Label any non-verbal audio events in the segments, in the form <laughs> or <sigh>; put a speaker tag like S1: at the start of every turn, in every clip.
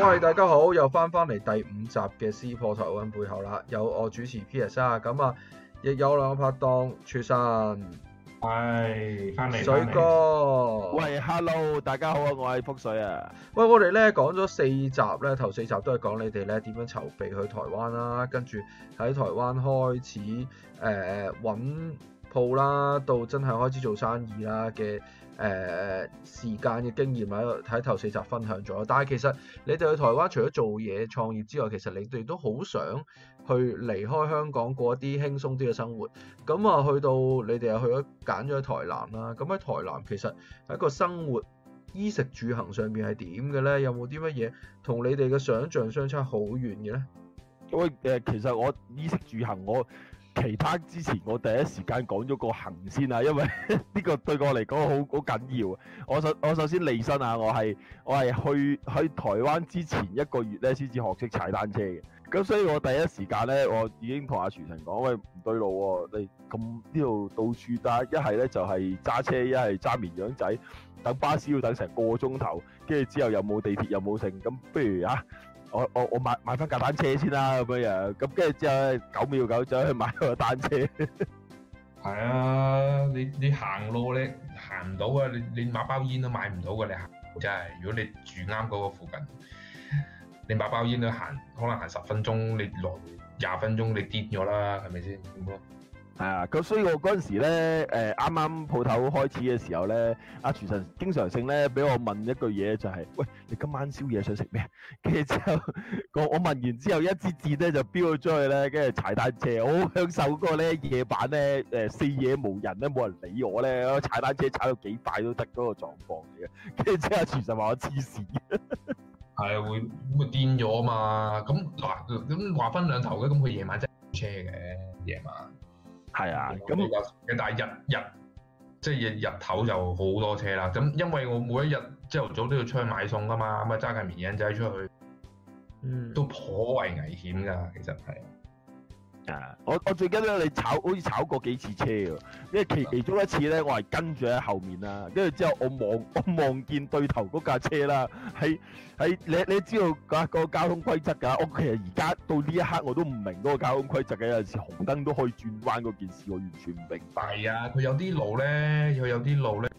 S1: 喂，大家好，又翻翻嚟第五集嘅撕破台灣背後啦，有我主持 Pierre sir 啊，咁啊，亦有兩拍檔，出身。係翻嚟，水哥，喂，Hello，大家好啊，我係撲水啊，喂，我哋咧講咗四集咧，頭四集都係講你哋咧點樣籌備去台灣啦，跟住喺台灣開始誒揾鋪啦，到真係開始做生意啦嘅。誒時間嘅經驗喺睇頭四集分享咗，但係其實你哋去台灣除咗做嘢創業之外，其實你哋都好想去離開香港過一啲輕鬆啲嘅生活。咁啊，去到你哋又去咗揀咗台南啦。咁喺台南其實喺一個生活衣食住行上面係點嘅咧？有冇啲乜嘢同你哋嘅想像相差好遠嘅咧？
S2: 我誒，其實我衣食住行我。其他之前，我第一時間講咗個行先啊，因為呢 <laughs> 個對我嚟講好好緊要。我首我首先利申啊，我係我係去去台灣之前一個月咧先至學識踩單車嘅，咁所以我第一時間咧，我已經同阿馴順講，喂唔對路喎、啊，你咁呢度到處得、啊，一係咧就係揸車，一係揸綿羊仔，等巴士要等成個鐘頭，跟住之後又冇地鐵，又冇城，咁不如嚇、啊。我我我買買翻架單車先啦咁樣樣，咁跟住之後九秒九就可以買個單車。係啊，
S3: 你你行路咧行唔到啊！你你買包煙都買唔到噶，你行真係。如果你住啱嗰個附近，你買包煙都行，可能行十分鐘，你落廿分鐘你癲咗啦，係咪先咁咯？
S2: 係啊，咁所以我嗰陣時咧，誒啱啱鋪頭開始嘅時候咧，阿廚神經常性咧俾我問一句嘢，就係、是：喂，你今晚宵夜想食咩？跟住之後我我問完之後，一支箭咧就飆咗出去咧，跟住踩單車，我好享受嗰個咧夜晚咧誒四野無人咧，冇人理我咧，踩單車踩到幾快都得嗰、那個狀況嚟嘅。跟住之後廚，阿廚神話我黐線，
S3: 係 <laughs> 啊，會會癲咗嘛？咁嗱咁話分兩頭嘅，咁佢夜晚真係冇車嘅夜晚。係啊，咁但係日日即係日日頭就好多車啦，咁因為我每一日朝頭早都要出去買餸㗎嘛，咁啊揸緊綿羊仔出去，嗯，都頗為危險㗎，其實係。
S2: 我我最驚咧，你炒好似炒過幾次車，因為其其中一次咧，我係跟住喺後面啦，跟住之後我望我望見對頭嗰架車啦，喺喺你你知道個個交通規則噶，我其實而家到呢一刻我都唔明嗰個交通規則嘅，有陣時紅燈都可以轉彎嗰件事，我完全唔明白。
S3: 係啊，佢有啲路咧，佢有啲路咧，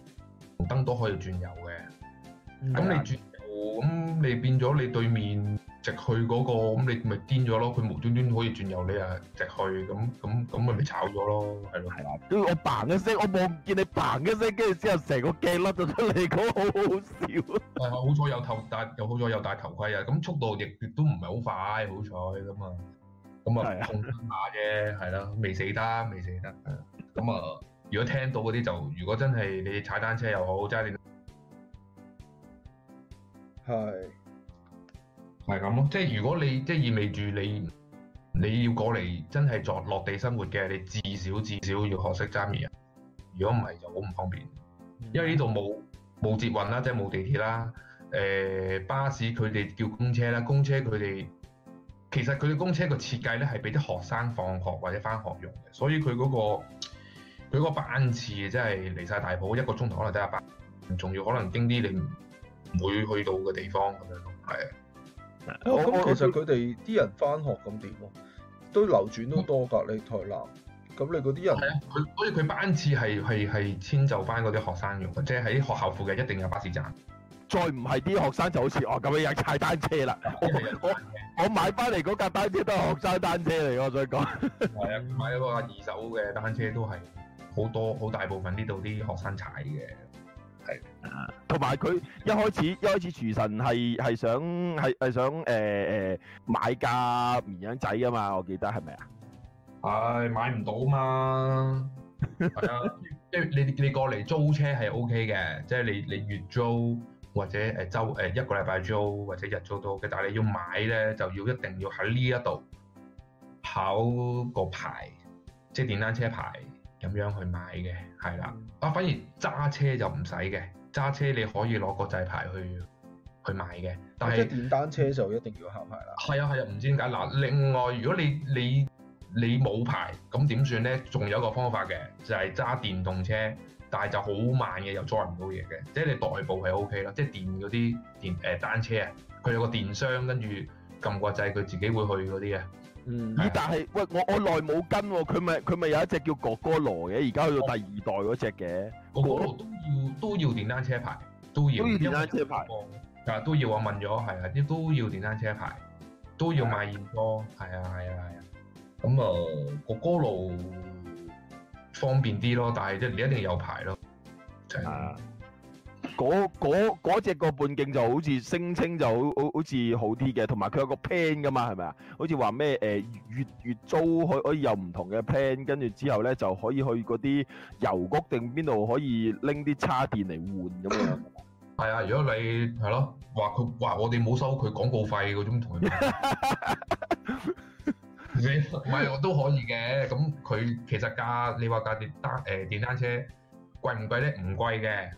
S3: 紅燈都可以轉右嘅。咁你轉？咁你變咗你對面直去嗰個，咁你咪癲咗咯？佢無端端可以轉右，你啊直去，咁咁咁咪咪炒咗咯，係咯。
S2: 咁我 bang 一聲，我望唔見你嘭一聲，跟住之後成個鏡甩咗出嚟，嗰個好好笑。係
S3: 啊、哎，好彩有頭戴，又好彩有戴頭盔啊！咁速度亦都唔係好快，好彩咁啊，咁啊碰下啫，係啦，未的死得，未死得。咁啊，如果聽到嗰啲就，如果真係你踩單車又好，揸你。係，係咁咯。即係如果你即係意味住你你要過嚟真係做落地生活嘅，你至少至少要學識揸咪。如果唔係就好唔方便，因為呢度冇冇捷運啦，即係冇地鐵啦。誒、呃，巴士佢哋叫公車啦，公車佢哋其實佢嘅公車個設計咧係俾啲學生放學或者翻學用嘅，所以佢嗰、那個佢嗰個班次即係嚟晒大埔一個鐘頭可能得一班，仲要，可能經啲你。唔會去到嘅地方咁樣，係啊。咁、哦哦嗯、其實佢
S1: 哋啲人翻學咁點都流轉都多㗎。你台南，咁你嗰啲人，佢好似佢
S3: 班次係係係遷就翻嗰啲學生用，即係喺學校附近一定有巴士站。
S2: 再唔係啲學生就好似我咁樣踩單車啦。我我我買翻嚟嗰架單車都係學生單車嚟，我想講。係
S3: 啊，買咗個二手嘅單車都係好多好大部分呢度啲學生踩嘅。
S2: 係啊，同埋佢一開始一開始廚神係係想係係想誒誒買架綿羊仔噶嘛，我記得係咪啊？
S3: 係買唔到嘛？係啊，即係你你過嚟租車係 OK 嘅，即係你你月租或者誒周誒一個禮拜租或者日租都嘅，但係你要買咧就要一定要喺呢一度考個牌，即係電單車牌。咁樣去買嘅，係啦。嗯、啊，反而揸車就唔使嘅，揸車你可以攞國際牌去去買嘅。但係
S1: 電單車就一定要考牌
S3: 啦。係啊係啊，唔知點解嗱。另外，如果你你你冇牌咁點算呢？仲有一個方法嘅，就係、是、揸電動車，但係就好慢嘅，又載唔到嘢嘅。即係你代步係 OK 咯，即係電嗰啲電誒、呃、單車啊，佢有個電箱跟住撳個掣，佢自己會去嗰啲嘅。
S2: 嗯，咦、啊，但係喂，我我耐冇跟喎，佢咪佢咪有一隻叫哥哥羅嘅，而家去到第二代嗰隻嘅。哥哥羅都
S3: 要都要電單車牌，都要。都要電單車牌。因為，因為啊，都要我問咗係啊，啲都要電單車牌，都要買現貨，係啊係啊係啊。咁啊，啊啊 uh, 哥哥路方便啲咯，但係即係你一定有牌咯，
S2: 係啊。嗰嗰嗰隻個半徑就好似聲稱就好好好似好啲嘅，同埋佢有個 plan 噶嘛，係咪啊？好似話咩誒月月租可可以有唔同嘅 plan，跟住之後咧就可以去嗰啲郵局定邊度可以拎啲叉電嚟換咁樣。
S3: 係啊，如果你係咯話佢話我哋冇收佢廣告費嗰種同你唔係我都可以嘅。咁佢其實價你話價電單誒電單車貴唔貴咧？唔貴嘅。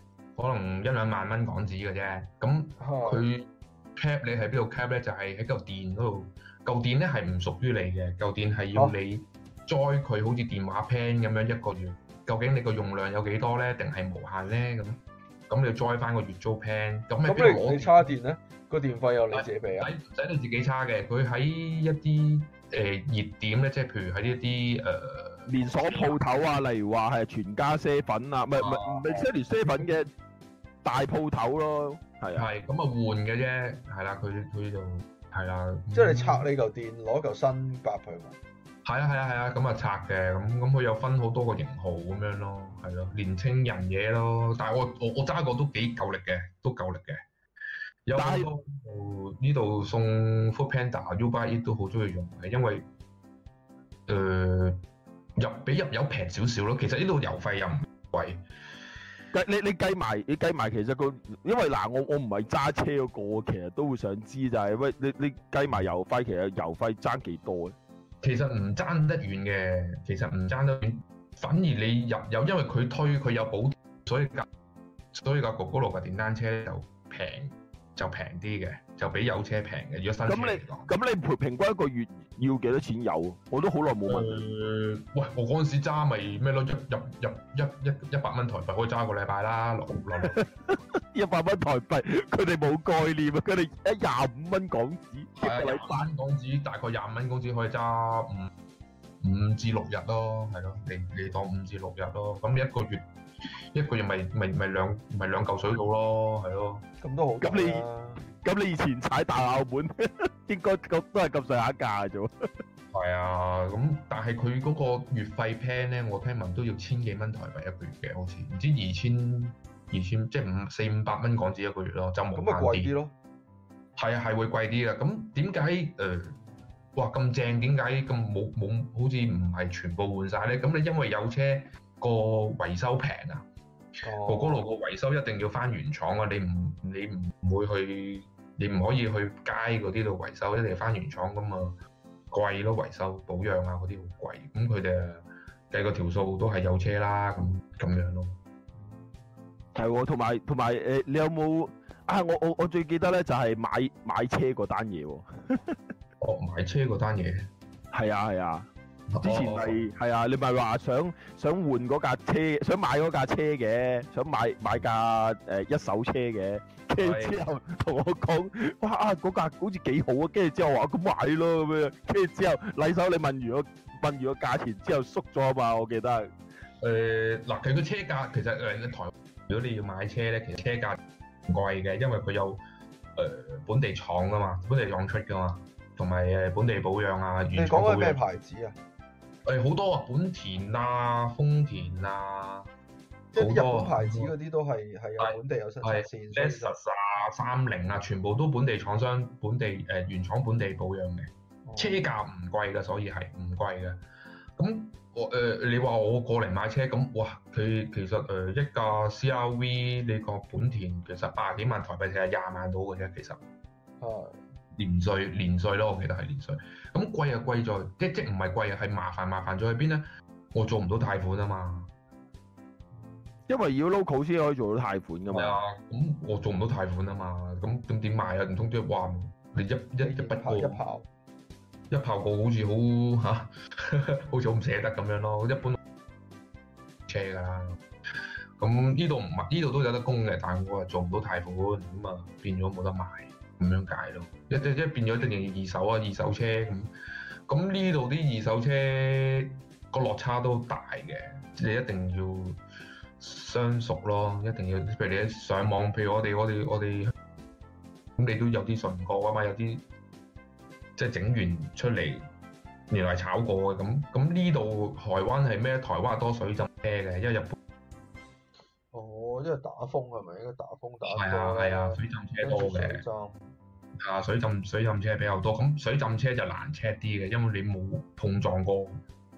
S3: 可能一兩萬蚊港紙嘅啫，咁佢 cap 你喺邊度 cap 咧？就係喺嚿電嗰度，嚿電咧係唔屬於你嘅，嚿電係要你 join 佢好似電話 plan 咁樣一個月。究竟你個用量有幾多咧？定係無限咧？咁咁你 join 翻個月租 plan 咁，咁你你插電
S2: 咧？個電費由你自己俾啊？
S3: 唔使你自己插嘅，佢喺一啲誒熱點咧，即係譬如喺呢啲誒
S2: 連鎖鋪頭啊，例如話係全家、啡品啊，唔係唔係唔係 Celia 啡品嘅。大鋪頭咯，
S1: 係咁啊，換嘅啫，係啦、啊，佢佢就係啦，啊、即係你拆呢嚿電攞嚿新擺佢。
S3: 係啊，係啊，係啊，咁啊拆嘅，咁咁佢有分好多個型號咁樣咯，係咯、啊，年輕人嘢咯，但係我我我揸過都幾夠力嘅，都夠力嘅。有呢度、呃、送 Foodpanda U8E 都好中意用嘅，因為誒、呃、入比入油平少少咯，其實呢度油費又
S2: 唔貴。計你你計埋你計埋，其實嗰個因為嗱，我我唔係揸車嗰個，我其實都會想知就係，喂，你你計埋油費，其實油費爭幾多咧？
S3: 其實唔爭得遠嘅，其實唔爭得遠，反而你入油，因為佢推佢有補，所以價所以架哥哥路嘅電單車咧就平。
S2: 又
S3: 平啲嘅，就比有車平嘅。如果新車嚟講，
S2: 咁你咁你平平均一個月要幾多錢有？我都好耐冇問。誒，喂，我嗰陣時揸咪咩咯？入
S3: 入入一一一百蚊台幣可以揸一個禮拜啦，落落落。
S2: 一百蚊台幣，佢哋冇概念啊！佢哋一廿五蚊港紙，
S3: 一個禮拜。港紙大概廿五蚊港紙可以揸五五至六日咯，係咯，你你當五至六日咯。咁你一個月？一個月咪咪咪兩咪兩嚿水度咯，
S2: 係咯，咁都好。咁你咁你以前踩大澳本，應該都都係咁上下價嘅啫。
S3: 係啊， <laughs> 咁但係佢嗰個月費 plan 咧，我聽聞都要千幾蚊台幣一個月嘅，好似唔知二千二千，即係五四五百蚊港紙一個月咯，就冇咁咪貴啲咯。係啊，係會貴啲噶。咁點解誒？哇，咁正，點解咁冇冇好似唔係全部換晒咧？咁你因為有車。個維修平啊！哥哥路個維修一定要翻原廠啊！你唔你唔會去，你唔可以去街嗰啲度維修，一定要翻原廠咁啊貴咯！維修保養啊嗰啲好貴。咁佢哋計個條數都係有車啦，咁咁樣咯。
S2: 係喎，同埋同埋誒，你有冇啊？我我我最記得咧就係買買車嗰單嘢喎。我買車嗰單嘢。係啊係啊。之前咪係啊，你咪話想想換嗰架車，想買嗰架車嘅，想買買架誒一手車嘅。跟住之後同我講，哇啊嗰架好似幾好啊！跟住之後話咁買咯咁樣。跟住之後禮手你問完我問完個價錢之後縮咗嘛，我記得。誒
S3: 嗱，其實個車價其實誒台如果你要買車咧，其實車價貴嘅，因為佢有誒本地廠噶嘛，本地廠出噶嘛，同埋誒本地保養啊。原廠係咩牌子啊？誒好多啊，本田啊、豐田啊，
S1: 即係日本牌子嗰啲都係係
S3: 有本地有生產線，是所以 Nissan 啊、三菱啊，全部都本地廠商、本地誒、呃、原廠本地保養嘅，哦、車價唔貴嘅，所以係唔貴嘅。咁我誒你話我過嚟買車咁，哇！佢其實誒一架 CRV 呢個本田其實八啊幾萬台幣，成廿萬到嘅啫，其實。係、呃。年稅年稅咯，我記得係年稅。咁貴又貴在，即即唔係貴，係麻煩麻煩在喺邊咧？我做唔到貸款啊嘛，
S2: 因為要 local 先可以做到貸款噶嘛。係啊，
S3: 咁我做唔到貸款啊嘛，咁咁點買啊？唔通即係話？你一一一筆過一炮，一炮過好似、啊、 <laughs> 好嚇，好似唔捨得咁樣咯。一般車噶啦。咁呢度唔係呢度都有得供嘅，但係我係做唔到貸款，咁啊變咗冇得買。咁樣解咯，一即係變咗一定二手啊，二手車咁，咁呢度啲二手車個落差都大嘅，即係一定要相熟咯，一定要譬如你上網，譬如我哋我哋我哋，咁你都有啲純覺啊嘛，有啲即係整完出嚟原來係炒過嘅，咁咁呢度台灣係咩？台灣多水浸車嘅，因為日
S1: 本，哦，因為打風係咪？因為打風打多啦，水浸車多嘅。
S3: 啊！水浸水浸車係比較多，咁水浸車就難 check 啲嘅，因為你冇碰撞過，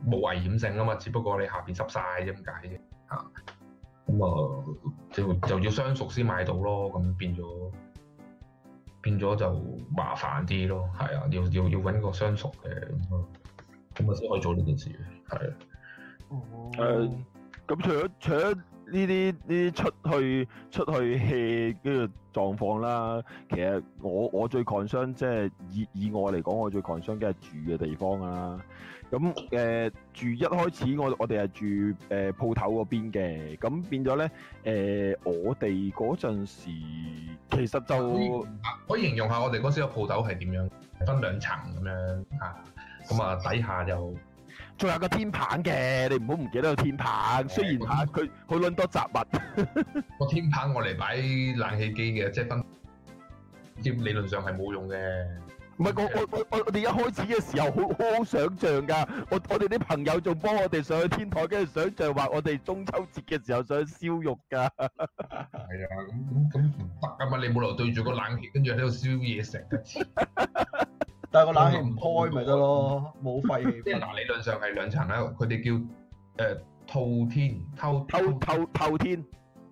S3: 冇危險性啊嘛。只不過你下邊濕晒啫，咁解啫。啊，咁啊，就就要相熟先買到咯。咁變咗變咗就麻煩啲咯。係啊，要要要揾個相熟嘅咁
S2: 啊，咁啊先可以做呢件事嘅。係、啊。誒、嗯，咁除咗除咗。呢啲呢啲出去出去 hea 呢個狀況啦，其實我我最 concern 即係以以我嚟講，我最 concern 嘅係住嘅地方啊。咁誒、呃、住一開始我我哋係住誒、呃、鋪頭嗰邊嘅，咁變咗咧誒我哋嗰陣時其實就係、
S3: 可以，可以形容下我哋嗰時個鋪頭係點樣，分兩層咁樣嚇，咁啊，啊，啊底下就。
S2: 仲有個天棚嘅，你唔好唔記得個天棚。的雖然吓佢佢撚多雜物。個 <laughs> 天
S3: 棚我嚟擺冷氣機嘅，即、就、係、是、分，即理論上係冇用嘅。
S2: 唔係我我我我哋一開始嘅時候好，好好想象噶，我我哋啲朋友仲幫我哋上去天台，跟住想象話我哋中秋節嘅時候想去燒肉噶。係 <laughs> 啊，咁咁咁唔得噶嘛！你冇留對住個冷氣，跟住喺度燒嘢食。 <laughs> 但係個冷氣
S3: 唔開咪得咯，冇 <laughs> 廢氣。即嗱， <laughs> 理論上係兩層啦，佢哋叫誒透、uh, 天，透透透透天，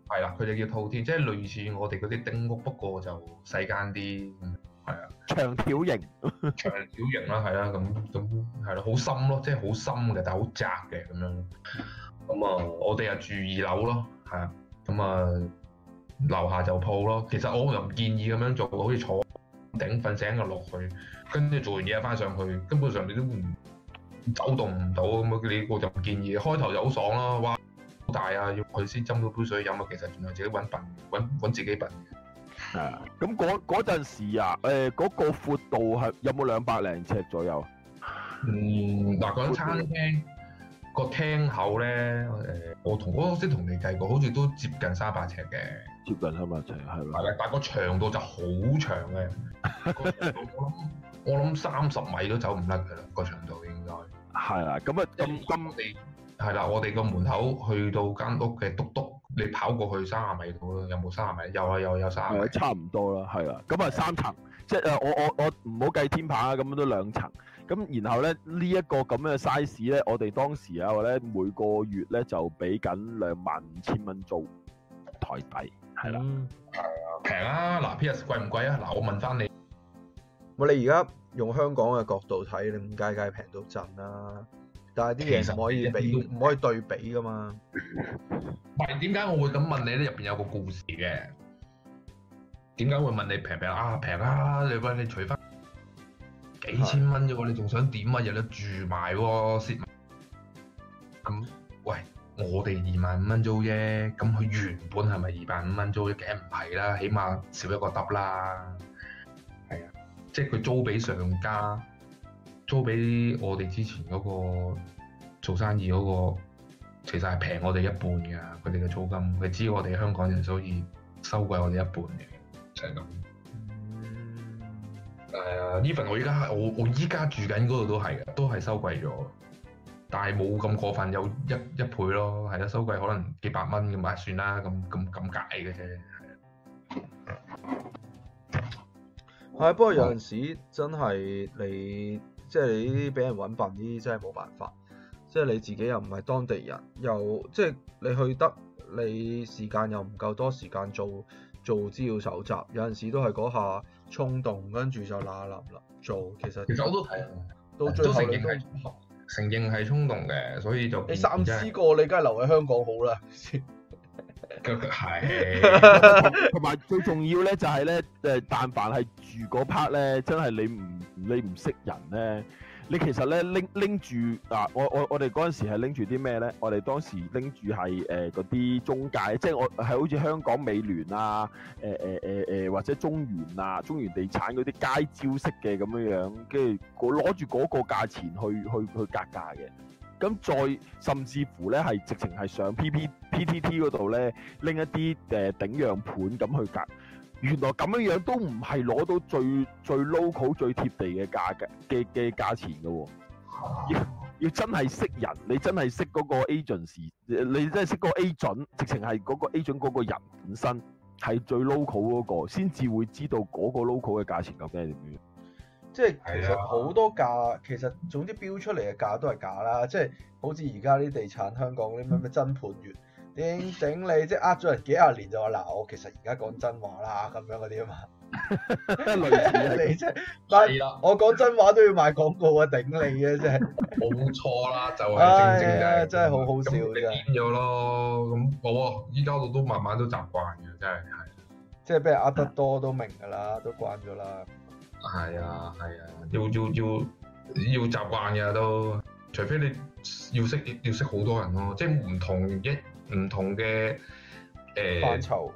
S3: 係啦、啊，佢哋叫透天，即係類似我哋嗰啲丁屋，不過就細間啲，係啊。長條挑型， <laughs> 長條型啦，係啦、啊，咁咁係咯，好深咯，即係好深嘅，但係好窄嘅咁樣。咁 <laughs> 啊，我哋就住二樓咯，係啊，咁啊，樓下就鋪咯。其實我又唔建議咁樣做，好似坐。頂瞓醒就落去，跟住做完嘢又翻上去，根本上你都唔走動唔到咁啊！你我就建議，開頭就好爽啦，哇好大啊，要佢先斟到杯水飲啊！其實原來自己揾笨，揾揾自己笨。係啊，
S2: 咁嗰嗰陣時啊，誒嗰個闊度係有冇兩百零尺左右？
S3: 嗯，嗱講餐廳，個廳口咧，誒，我同嗰個先同你計過，好似都接近三百尺嘅，
S2: 接近三百尺
S3: 係啦。係啦，但係個長度就好長嘅。 <laughs> 我諗我諗三十米都走唔甩佢啦，個長度應該。係啦，咁啊，咁咁地係啦，我哋個門口去到間屋嘅督篤，你跑過去三十米度，啦，有冇三十米？有啊，有係有
S2: 三十米。差唔多啦，係啦。咁啊，三層，即係誒，我我我唔好計天棚啊，咁樣都兩層。咁然後咧呢一個咁樣嘅 size 咧，我哋當時啊，我哋每個月咧就俾緊兩萬五千蚊做台底，係啦，
S1: 平
S3: 啊，嗱，PS 貴唔貴啊？嗱，我問
S1: 翻你，我你而家用香港嘅角度睇，你街街平到震啦，但係啲嘢，唔可以比，唔可以對比噶嘛。
S3: 唔係，點解我會咁問你咧？入邊有個故事嘅，點解會問你平平啊？平啊，你問你除翻。幾千蚊啫喎，的你仲想點啊？日去住埋喎、哦，蝕咁。喂，我哋二萬五蚊租啫，咁佢原本係咪二萬五蚊租？梗唔係啦，起碼少一個揼啦。係啊，即係佢租俾上家，租俾我哋之前嗰個做生意嗰、嗰個，其實係平我哋一半嘅佢哋嘅租金。佢知我哋香港人，所以收貴我哋一半嘅，就係咁。係啊、uh，even 我依家我我依家住緊嗰度都係嘅，都係收貴咗，但係冇咁過分，有一一倍咯，係啦，收貴可能幾百蚊咁啊，算啦，咁咁咁解嘅啫，係啊。
S1: 係，不過有陣時真係你即係你呢啲俾人搵笨啲，真係冇、就是、辦法，即、就、係、是、你自己又唔係當地人，又即係、就是、你去得，你時間又唔夠多時間做。做資料搜集，有陣時都係嗰下衝動，跟住就嗱嗱臨做。其實其實我都睇啊，到最後咧，承認係衝動嘅，所以就你、欸、三思過，是你梗係留喺香港好啦。
S3: 係
S2: <laughs> 同埋 <laughs> 最重要咧，就係咧，誒，但凡係住嗰 part 咧，真係你唔你唔識人咧。你其實咧，拎拎住嗱，我我我哋嗰陣時係拎住啲咩咧？我哋當時拎住係誒嗰啲中介，即係我係好似香港美聯啊，誒誒誒誒或者中原啊，中原地產嗰啲街招式嘅咁樣樣，跟住攞住嗰個價錢去去去格價嘅。咁再甚至乎咧係直情係上 PP, PPT 嗰度咧拎一啲誒、呃、頂樣盤咁去格。原來咁樣樣都唔係攞到最最 local 最貼地嘅價嘅嘅價錢㗎喎、哦， <laughs> 要要真係識人，你真係識嗰個 agency，你真係識個 agent，直情係嗰個 agent 嗰個人本身係最 local 嗰個，先至會知道嗰個 local 嘅價錢究竟係點樣。
S1: 即係其實好多價，其實總之標出嚟嘅價都係假啦，即係好似而家啲地產香港啲咩咩真盤源。點整你？即係呃咗人幾廿年就話嗱、啊，我其實而家講真話啦，咁樣嗰啲啊嘛，真 <laughs> 係 <laughs> 類似你真係， <laughs> 我講真話都要賣廣告啊，頂你嘅即係，冇錯 <laughs> 啦，就係正正就、哎、真係好好笑你真係是，咁
S3: 變咗咯，咁冇啊，依家都都慢慢都習慣嘅，真係係，
S1: 即係俾人呃得多都明㗎啦，嗯、都慣咗啦，
S3: 係啊係啊,啊，要要要要習慣嘅都，除非你要識要,要,要,要,要識好多人咯，即係唔同,同一。唔同嘅誒、呃、範疇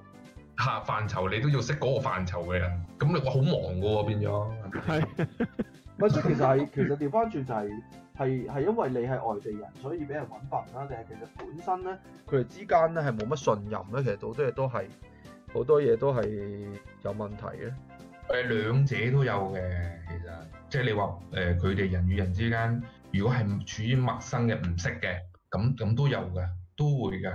S3: 下範疇，你都要識嗰個範疇嘅人。
S1: 咁你話好忙嘅喎，變咗。係，咪所以其實係其實調翻轉就係係係因為你係外地人，所以俾人揾笨啦。定係其實本身咧，佢哋之間咧係冇乜信任咧。其實好多嘢都係好多嘢都係有問題嘅。誒、嗯、兩者都有嘅，其
S3: 實即係你話誒佢哋人與人之間，如果係處於陌生嘅唔識嘅，咁咁都有㗎。都
S2: 會嘅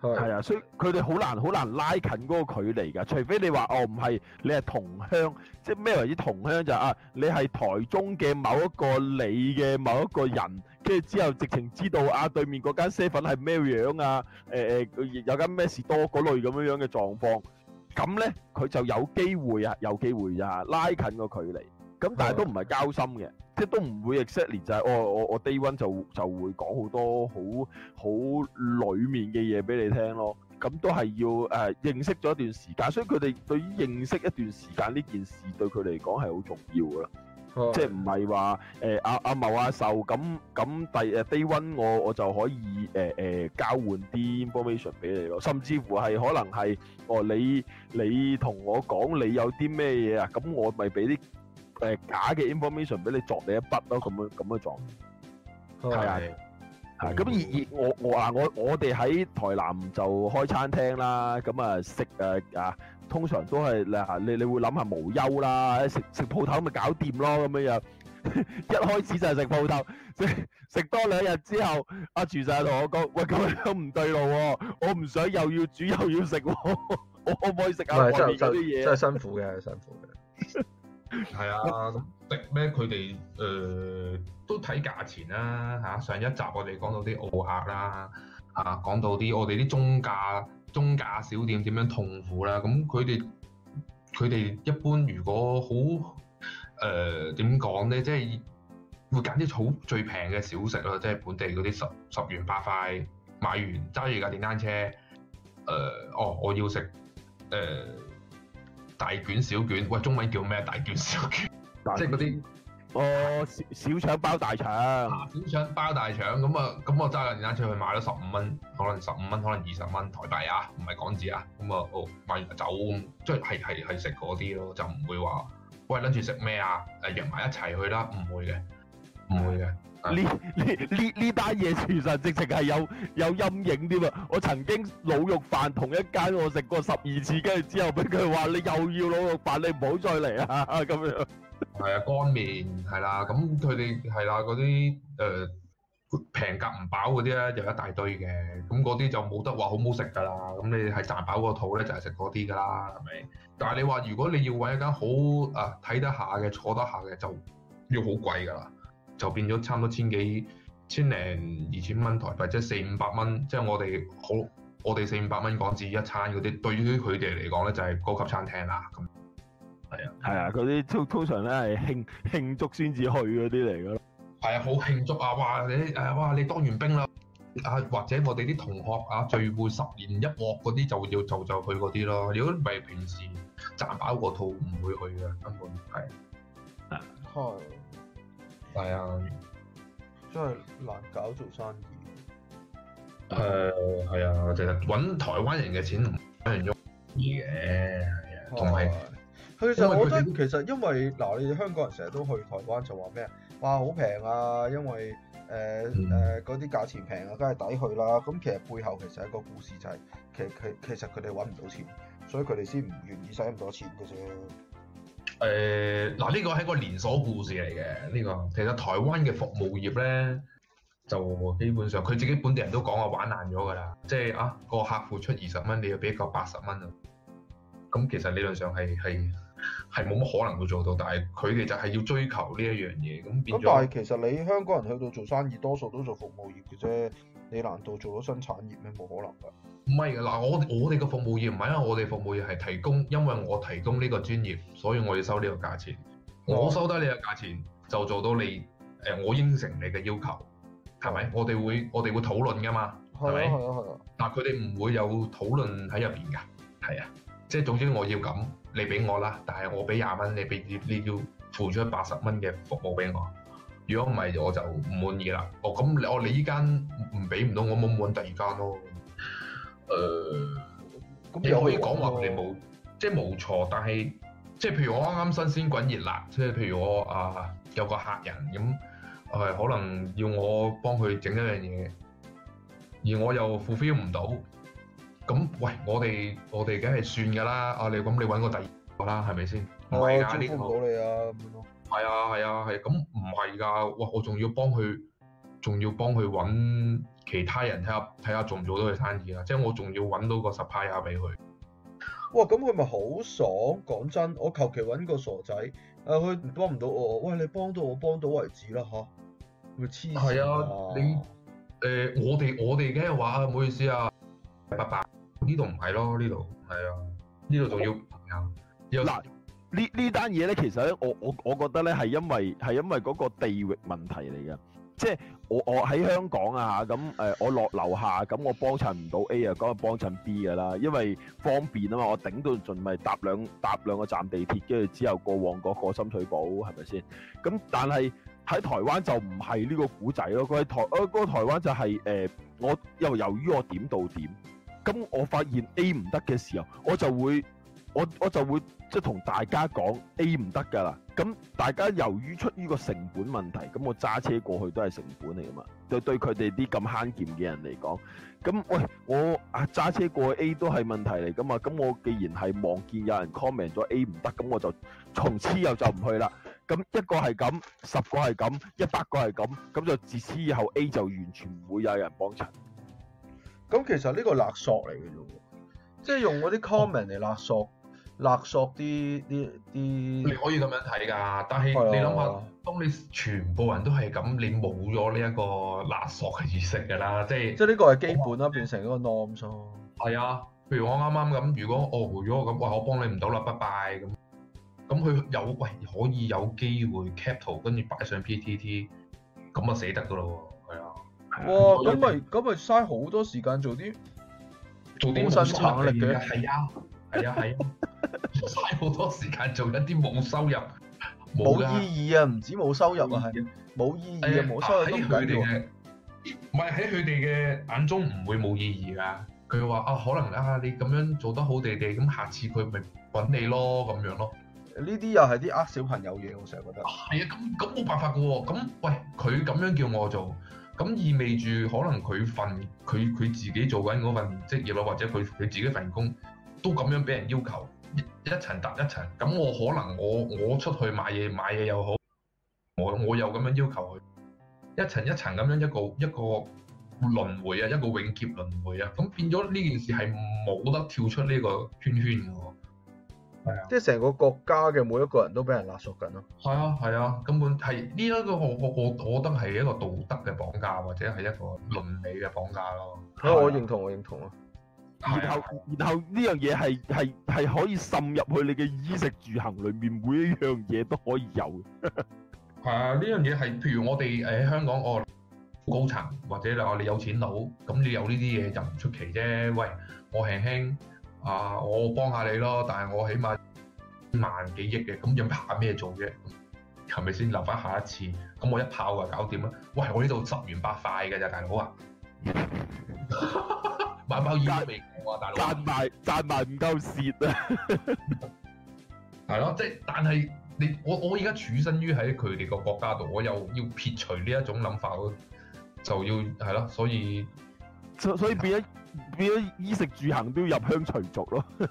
S2: 係啊，所以佢哋好難好難拉近嗰個距離噶，除非你話哦唔係你係同鄉，即係咩為之同鄉就是、啊，你係台中嘅某一個你嘅某一個人，跟住之後直情知道啊，對面嗰間西粉係咩樣啊？誒、呃、誒、呃，有間咩士多嗰類咁樣樣嘅狀況，咁咧佢就有機會啊，有機會啊，拉近個距離。咁但係都唔係交心嘅，即係都唔會 exactly 就係我我我 day one 就就會講好多好好裡面嘅嘢俾你聽咯。咁都係要誒認識咗一段時間，所以佢哋對於認識一段時間呢件事對佢嚟講係好重要㗎啦。即係唔係話誒阿阿茂阿壽咁咁第誒 day one 我我就可以誒誒交換啲 information 俾你咯，甚至乎係可能係哦你你同我講你有啲咩嘢啊，咁我咪俾啲。誒，假嘅 information 俾你，作你一筆咯，咁樣咁嘅狀，係啊，係。咁而而，我我嗱我我哋喺台南就開餐廳啦，咁啊食誒啊，通常都係你吓你你會諗下無憂啦，食食鋪頭咪搞掂咯，咁樣樣。一開始就係食鋪頭，食食多兩日之後，阿廚就同我講：喂，咁樣都唔對路，我唔想又要煮又要食，我可唔可以食下外面嗰啲嘢？真係
S1: 辛苦嘅，辛苦嘅。
S3: 係啊，咁的咩？佢哋誒都睇價錢啦嚇、啊。上一集我哋講到啲澳客啦，嚇、啊、講到啲我哋啲中價中價小店點樣痛苦啦。咁佢哋佢哋一般如果好誒點講咧，即係會揀啲好最平嘅小食咯，即係本地嗰啲十十元八塊，買完揸住架電單車誒、呃、哦，我要食誒。呃大卷小卷，喂，中文叫咩？大卷小卷，卷
S2: 即係嗰啲哦，小小腸包大腸，啊、
S3: 小腸包大腸咁啊，咁我揸架電單車去買咗十五蚊，可能十五蚊，可能二十蚊台幣啊，唔係港紙啊，咁啊，哦，買完走、啊，即係係係食嗰啲咯，就唔會話，喂，諗住食咩啊？誒，約埋一齊去啦，唔會嘅。
S2: 唔會嘅，呢呢呢呢單嘢其實直情係有有陰影添啊！我曾經滷肉飯同一間我食過十二次，跟住之後，俾佢話你又要滷肉飯，你唔好再嚟啊！咁樣，係啊，乾麵係啦，咁佢哋
S3: 係啦嗰啲誒平價唔飽嗰啲咧，就、啊呃、一大堆嘅，咁嗰啲就冇得話好唔好食噶啦。咁你係賺飽個肚咧，就係食嗰啲噶啦，係咪？ <laughs> 但係你話如果你要揾一間好啊睇、呃、得下嘅坐得下嘅，就要好貴噶啦。就變咗差唔多千幾千零二千蚊台幣，即係四五百蚊，即係我哋好，我哋四五百蚊港紙一餐嗰啲，對於佢哋嚟講咧就係、是、高級餐廳啦。咁係
S2: 啊，係啊，嗰啲通通常咧係慶慶祝先至去嗰啲嚟咯。係啊，好慶祝啊！話你誒、哎，哇！你當完兵啦啊，或者我哋啲同學
S3: 啊，聚會十年一鑊嗰啲就要做就，就去嗰啲咯。如果唔係平時賺飽個肚唔會去嘅，根本係啊，係、
S1: 啊。係啊，真係難搞做生意。誒、呃，
S3: 係啊，其實搵台灣人嘅錢唔係容易嘅，係啊，就係有。
S1: 其實我覺得，其實因為嗱，你哋香港人成日都去台灣就話咩啊？哇，好平啊！因為誒誒，嗰啲價錢平啊，梗係抵去啦。咁其實背後其實係一個故事，就係，就係其實其其實佢哋搵唔到錢，所以佢哋先唔願意使咁多錢嘅啫。
S3: 誒嗱呢個係個連鎖故事嚟嘅，呢、這個其實台灣嘅服務業咧就基本上佢自己本地人都講話玩爛咗㗎啦，即係啊個客戶出二十蚊，你要俾個八十蚊啊，咁其實理論上係係。係冇乜可能會做到，但係佢哋就係要追求呢一樣嘢，咁變咗。但係
S1: 其實你香港人去到做生意，多數都做服務業嘅啫，你難道做咗新產業咩？冇可能噶。
S3: 唔係噶，嗱我我哋嘅服務業唔係，因為我哋服務業係提供，因為我提供呢個專業，所以我要收呢個價錢。Oh. 我收低你個價錢，就做到你誒，我應承你嘅要求，係咪？我哋會我哋會討論噶嘛，係咪，oh. 吧？係啊係啊。嗱、啊，佢哋唔會有討論喺入邊噶，係啊，即係總之我要咁。你俾我啦，但係我俾廿蚊，你俾你你要付出八十蚊嘅服務俾我。如果唔係，我就唔滿意啦。哦，咁我你依間唔俾唔到，我冇冇揾第二間咯。誒、嗯，嗯、你可以講話佢哋冇，嗯、即係冇錯，但係即係譬如我啱啱新鮮滾熱辣，即係譬如我啊有個客人咁，誒、啊、可能要我幫佢整一樣嘢，而我又 fulfil 唔到。咁喂，我哋我哋梗係算噶啦，啊你咁你揾個第二，哦個啦，係咪先？唔係啊，呢個幫唔到你啊，咁咯。係啊，係啊，係咁唔係噶，哇、啊！我仲要幫佢，仲要幫佢揾其他人睇下睇下，做唔做到佢生意，就是，是是啊？即係我仲要揾到個 supplier 俾佢。
S1: 哇！咁佢咪好爽？講真，我求其揾個傻仔，啊佢幫唔到我，喂你幫到我幫到我為止啦嚇。
S3: 佢黐線啊！係啊，啊，你誒、呃、我哋我哋梗係話啊，唔好意思啊。嗯嗯
S2: 拜拜，呢度唔係咯，呢度係啊，呢度仲要嗱，呢呢單嘢咧，裡其實咧，我我我覺得咧，係因為係因為嗰個地域問題嚟噶，即係我我喺香港啊咁誒、呃，我落樓下咁，我幫襯唔到 A 啊，咁啊幫襯 B 噶啦，因為方便啊嘛，我頂到盡咪搭兩搭兩個站地鐵，跟住之後過旺角過深水埗，係咪先？咁但係喺台灣就唔係呢個古仔咯，佢台啊嗰、嗰個台灣就係、是、誒、呃，我又由於我點到點。咁我發現 A 唔得嘅時候，我就會我我就會即係同大家講 A 唔得㗎啦。咁大家由於出於個成本問題，咁我揸車過去都係成本嚟噶嘛。就對對佢哋啲咁慳儉嘅人嚟講，咁喂我啊揸車過去 A 都係問題嚟噶嘛。咁我既然係望見有人 comment 咗 A 唔得，咁我就從此又就唔去啦。咁一個係咁，十個係咁，一百個係咁，咁就自此以後 A 就完全唔會有人幫襯。咁其實
S1: 呢個勒索嚟嘅啫喎，即係用嗰啲 comment 嚟勒索，嗯、勒索啲啲啲。你可以
S3: 咁樣睇㗎，但係你諗下，
S1: 的當你全部人都係咁，你冇咗呢一個勒索嘅意識㗎啦，即係。即係呢個係基本啦，我變成一個 norm 咯。
S3: 係啊，譬如我啱啱咁，如果我回咗我咁，喂我幫你唔到啦，拜拜咁。咁佢有喂可以有機會 cap 圖跟住擺上 PTT，咁啊死得㗎咯喎。
S1: 哇，咁咪咁咪嘥好多時間做啲做啲無生產力嘅，係啊，係
S3: 啊，
S1: 係嘥好多
S3: 時間做一啲冇收入、冇意義
S1: 啊！唔止冇收入啊，係冇意義啊！冇收入佢哋，唔掂。
S3: 唔係喺佢哋嘅眼中唔會冇意義啊！佢話啊，可能啊，你咁樣做得好地地，咁下次佢咪搵你咯，咁樣咯。呢啲又係啲呃小朋友嘢，我成日覺得。係啊，咁咁冇辦法噶喎！咁喂，佢咁樣叫我做。咁意味住可能佢份佢佢自己做緊嗰份職業咯，或者佢佢自己份工都咁樣俾人要求一,一層搭一層。咁我可能我我出去買嘢買嘢又好，我我又咁樣要求佢一層一層咁樣一個一個，一個輪迴啊，一個永劫輪迴啊。咁變咗呢件事係冇得跳出呢個圈圈㗎。
S1: 即係成個國家嘅每一個人都俾人勒索緊咯。
S3: 係啊，係啊，根本係呢一個我我我我覺得係一個道德嘅綁架，或者係一個倫理嘅綁架
S2: 咯。啊、哦，我認同，我認同啊。然後然後呢樣嘢係係係可以滲入去你嘅衣食住行裏面，每一樣嘢都可以有。
S3: 係 <laughs> 啊，呢樣嘢係，譬如我哋誒喺香港，我、哦、高層或者嗱，你有錢佬，咁你有呢啲嘢就唔出奇啫。喂，我輕輕。啊！我幫下你咯，但係我起碼萬幾億嘅，咁有怕咩做啫？係咪先留翻下一次？咁我一炮啊，搞掂啊？喂！我呢度十元八塊嘅咋，大佬 <laughs> <laughs> 啊！萬包二家未夠啊，大佬哥！賺埋賺埋唔夠蝕，係 <laughs> 咯？ <laughs> 即係，但係你我我而家處身於喺佢哋個國家度，我又要撇除呢一種諗法，就要係咯，所以
S2: 所以變咗。 <laughs> 變咗衣食住行都要入鄉隨俗咯。
S3: <laughs>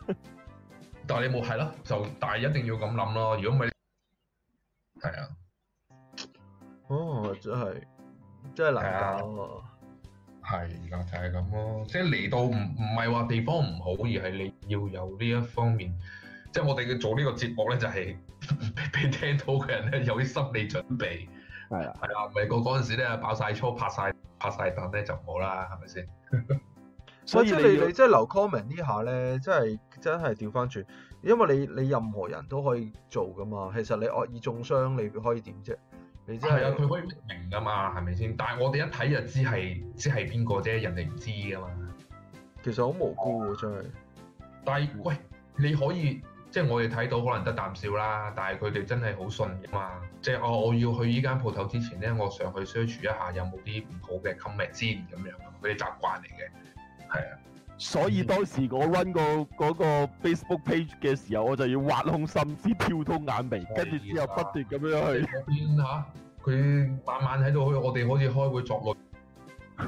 S3: 但係你冇係咯，就但係一定要咁諗咯。如果唔係，
S2: 係啊，哦，
S3: 真係真係難搞，係啦，就係咁咯。即係嚟到唔唔係話地方唔好，而係你要有呢一方面。即係我哋要做呢個節目咧，就係俾 <laughs> 聽到嘅人咧有啲心理準備，係啊係啊。美國嗰陣時咧爆晒粗，拍晒拍晒凳咧就冇啦，係咪先？ <laughs>
S2: 所
S1: 以你你即要係留 comment 下呢下咧，即係真係調返轉，因為你你任何人都可以做噶嘛。其實你惡意中傷，你可以點啫？你真係啊，佢可以
S3: 明噶嘛，係咪先？但係我哋一睇就知係知係邊個啫，人哋唔知噶嘛。
S1: 其實好無辜真係。
S3: 但係喂，你可以即係我哋睇到可能得啖笑啦，但係佢哋真係好信噶嘛。即係我、哦、我要去依間鋪頭之前咧，我上去 search 一下有冇啲唔好嘅 comment 先咁樣，佢啲習慣嚟嘅。係
S2: 啊，所以當時我搵個個 Facebook page 嘅時候，我就要挖空心思跳通眼眉，跟住、啊、之後不斷咁樣去。
S3: 邊下、啊，佢晚晚喺度，去。我哋好似開會作論，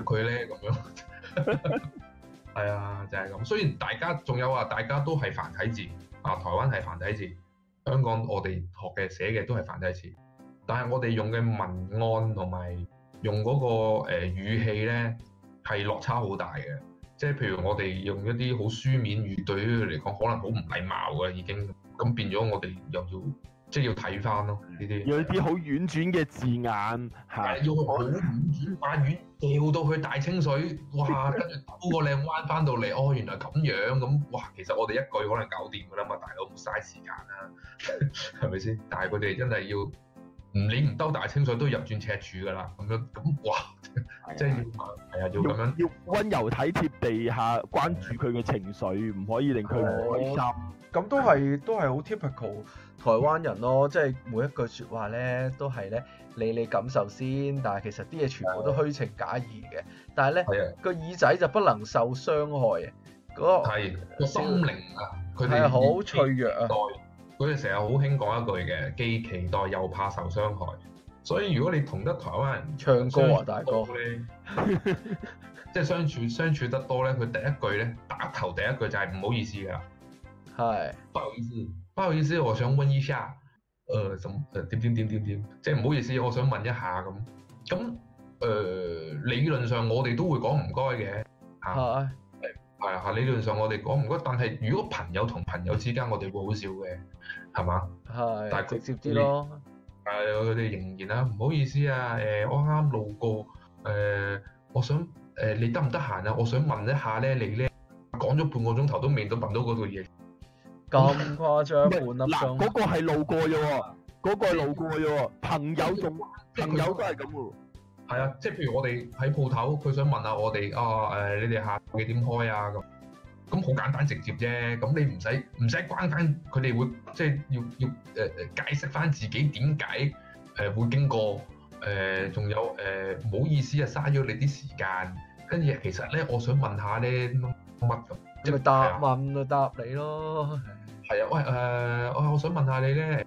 S3: 佢咧咁樣。係 <laughs> <laughs> 啊，就係、是、咁。雖然大家仲有話、啊，大家都係繁體字啊，台灣係繁體字，香港我哋學嘅寫嘅都係繁體字，但係我哋用嘅文案同埋用嗰個誒語氣咧，係落差好大嘅。即係譬如我哋用一啲好書面語對於佢嚟講，可能好唔禮貌㗎已經，咁變咗我哋又要即係要睇翻咯呢啲，有啲好
S2: 婉轉嘅字眼嚇，嗯嗯、要
S3: 好婉轉翻，婉掉、啊、到去大清水，哇！跟住兜個靚彎翻到嚟， <laughs> 哦，原來咁樣咁，哇、嗯！其實我哋一句可能搞掂㗎啦嘛，大佬唔嘥時間啦，係咪先？但係佢哋真係要。唔理唔兜大清水都入轉赤柱噶啦，咁樣咁哇，即係 <laughs> 的要係啊，要咁樣
S2: 要溫柔體貼地下 <laughs> 關注佢嘅情緒，唔可以令佢唔開心咁，的都係的都係好 typical
S1: 台灣人咯，即係每一句説話咧都係咧你你感受先，但係其實啲嘢全部都虛情假意嘅，但係咧個耳仔就不能受傷害
S3: 啊，嗰、嗰個嗰個心靈啊，係啊的，好脆弱
S1: 啊。佢
S3: 哋成日好興講一句嘅，既期待又怕受傷害，所以如果你同得台灣人唱歌啊大哥咧，即係相處， <laughs> 相，處相處得多咧，佢第一句咧打頭第一句就係唔好意思㗎，係是，不好意思，不好意思，我想問一下，誒、呃，什誒、呃、點點點點點，即係唔好意思，我想問一下咁，咁誒、呃、理論上我哋都會講唔該嘅，係。係啊，理論上我哋我唔覺，但係如果朋友同朋友之間，我哋會好少嘅，係嘛？係是，但直接啲咯。係佢哋仍然啊，唔好意思啊，誒、呃，我啱啱路過，誒、呃，我想誒、呃、你得唔得閒啊？我想問一下咧，你咧講咗半個鐘頭都未到問到嗰個嘢，咁誇
S2: 張半粒鐘嗱，嗰 <laughs> 個係、啊那個、路過啫喎，嗰、那個係路過啫喎，朋友同朋友都係咁喎。
S3: 係啊，即係譬如我哋喺鋪頭，佢想問下我哋啊，誒、啊啊啊，你哋下？幾點開啊？咁咁好簡單直接啫。咁你唔使唔使關翻，佢哋會即係要要誒誒解釋翻自己點解誒會經過誒，仲有誒唔好意思啊，嘥咗你啲時間。跟住其實咧，我想問下咧，乜咁，即咪答問就答你咯。係啊，喂誒，我我想問下你咧，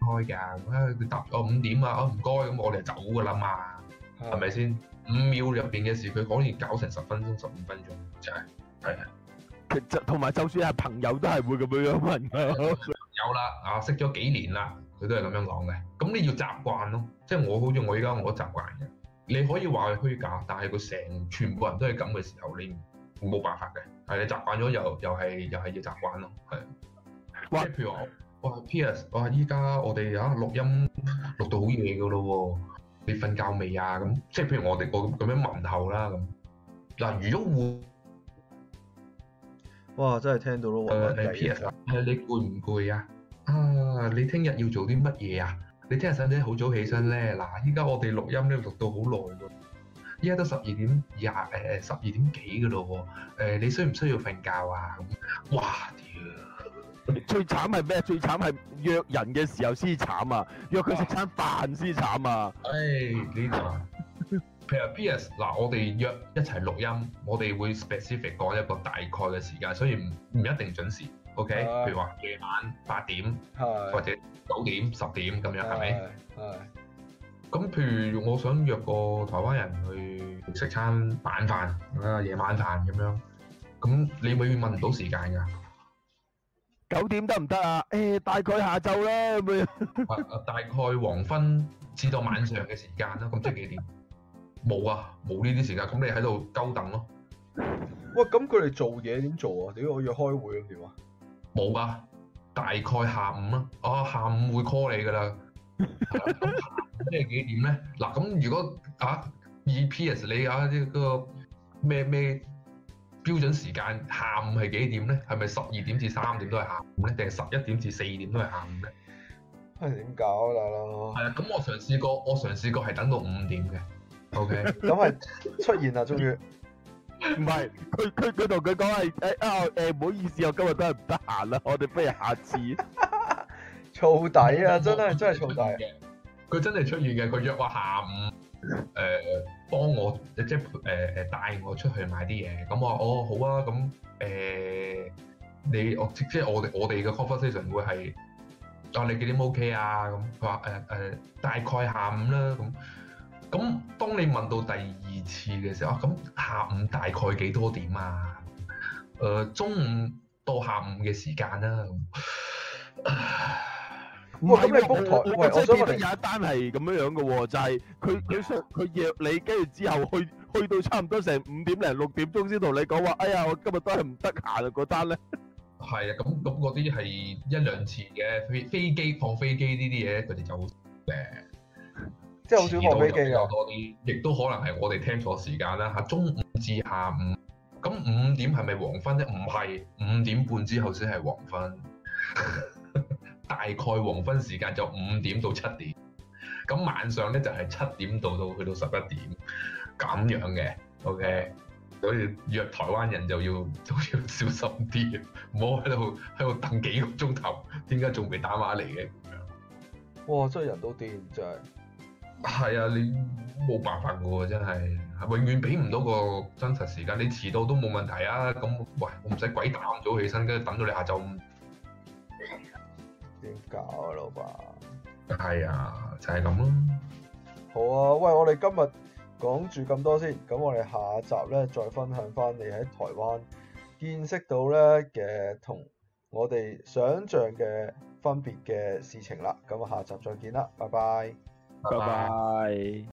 S3: 開㗎咁啊？佢答我五點啊？唔該咁，我哋走㗎啦嘛。係咪先？五秒入邊嘅事，佢可能搞成十分鐘、十五分鐘，就係係啊！
S2: 其實同埋，就算係朋友都係會咁樣樣問啊！
S3: 有啦， <laughs> 啊，識咗幾年啦，佢都係咁樣講嘅。咁你要習慣咯，即係我好似我依家我都習慣嘅。你可以話虛假，但係佢成全部人都係咁嘅時候，你冇辦法嘅。係你習慣咗，又又係又係要習慣咯。係，即譬哇如哇 Piers, 哇我，我 Piers，我係依家我哋嚇錄音錄到好夜噶咯喎。 <laughs> 你瞓覺未啊？咁即係譬如我哋個咁咁樣問候啦咁，嗱。如果會
S1: 哇，真係聽到咯。
S3: 誒，你攰唔攰啊？啊，你聽日要做啲乜嘢啊？你聽日想唔想好早起身咧？嗱，依家我哋錄音咧錄到好耐喎，依家都十二點廿誒誒十二點幾嘅咯喎。誒，
S2: 你需唔需要瞓覺啊？咁哇！ <laughs> 最慘係咩？最慘係約人嘅時候先慘啊！約佢食餐飯先慘啊！唉、 <laughs> 哎，
S3: 呢個譬如 PS 嗱，我哋約一齊錄音，我哋會 specific 講一個大概嘅時間，所以唔唔一定準時。OK，譬 <music> 如話夜晚八點， <music> 或者九點、十點咁樣，係咪？係。咁譬如我想約個台灣人去食餐 <music> 晚飯啊，夜晚飯咁樣，咁你永遠問唔到時間噶。
S2: 九點得唔得啊？誒、欸，大概下晝啦，咁樣。
S3: 大概黃昏至到晚上嘅時間啦，咁即係幾點？冇 <laughs> 啊，冇呢啲時間，咁你喺度鳩等咯。
S1: 喂，咁佢哋做嘢點做啊？屌，我要開會咁點啊？冇啊，
S3: 大概下午啦、啊，啊，下午會 call 你噶啦。 <laughs> 啊、下即係幾點咧？嗱、 <laughs> 啊，咁如果啊，以、e、P.S. 你啊啲、這個咩咩？標準時間下午係幾點咧？係咪十二點至三點都係下午咧？定係十一點至四點都係下午咧？
S1: 係點搞大啦？係啊，咁我嘗試過，我
S3: 嘗試過係等到五點
S2: 嘅。OK，咁係 <laughs> 出現啊終於。唔係， <laughs> 佢佢佢同佢講係誒啊誒，唔、欸呃呃、唔好意思，我今日真係唔得閒啦，我哋不如下次。 <laughs> 燥底啊！真係、嗯、真係燥底。
S3: 佢真係的的出現嘅，佢約我下午。誒、呃、幫我，即係誒誒帶我出去買啲嘢。咁我話哦好啊，咁誒你我即係我哋我哋嘅 conversation 會係啊你幾點 OK 啊？咁佢話誒誒大概下午啦。咁咁當你問到第二次嘅時候，咁、啊嗯、下午大概幾多點啊？誒、呃、中午到下午嘅時間啦、啊。
S1: 唔係喎，我喂我真係有一
S2: 單係咁樣樣嘅喎，就係佢佢佢約你跟住之後去去到差唔多成五點零六點鐘，先同你講話，哎呀，我今日都係唔得閒啊！嗰單咧，
S3: 係啊，咁咁嗰啲係一兩次嘅飛飛機放飛機呢啲嘢，佢哋就好嘅，即
S1: 係好少放飛機㗎。
S3: 多啲，亦都可能係我哋聽錯時間啦嚇。中午至下午，咁五點係咪黃昏咧？唔係五點半之後先係黃昏。 <laughs> 大概黃昏時間就五點到七點，咁晚上咧就係、是、七點到到去到十一點咁樣嘅，OK，所以約台灣人就要都要小心啲，唔好喺度喺度等幾個鐘頭，點解仲未打馬嚟嘅？哇！
S1: 真係人都癲，真
S3: 係。係啊，你冇辦法噶喎，真係，永遠俾唔到個真實時間。你遲到都冇問題啊，咁喂，我唔使鬼打咁早起身，跟住等到你下晝。
S1: 點搞？老闆，
S3: 係啊、哎，就係咁咯。
S1: 好啊，喂，我哋今日講住咁多先，咁我哋下集咧再分享翻你喺台灣見識到咧嘅同我哋想象嘅分別嘅事情啦。咁我下集再見啦，拜拜，
S2: 拜拜。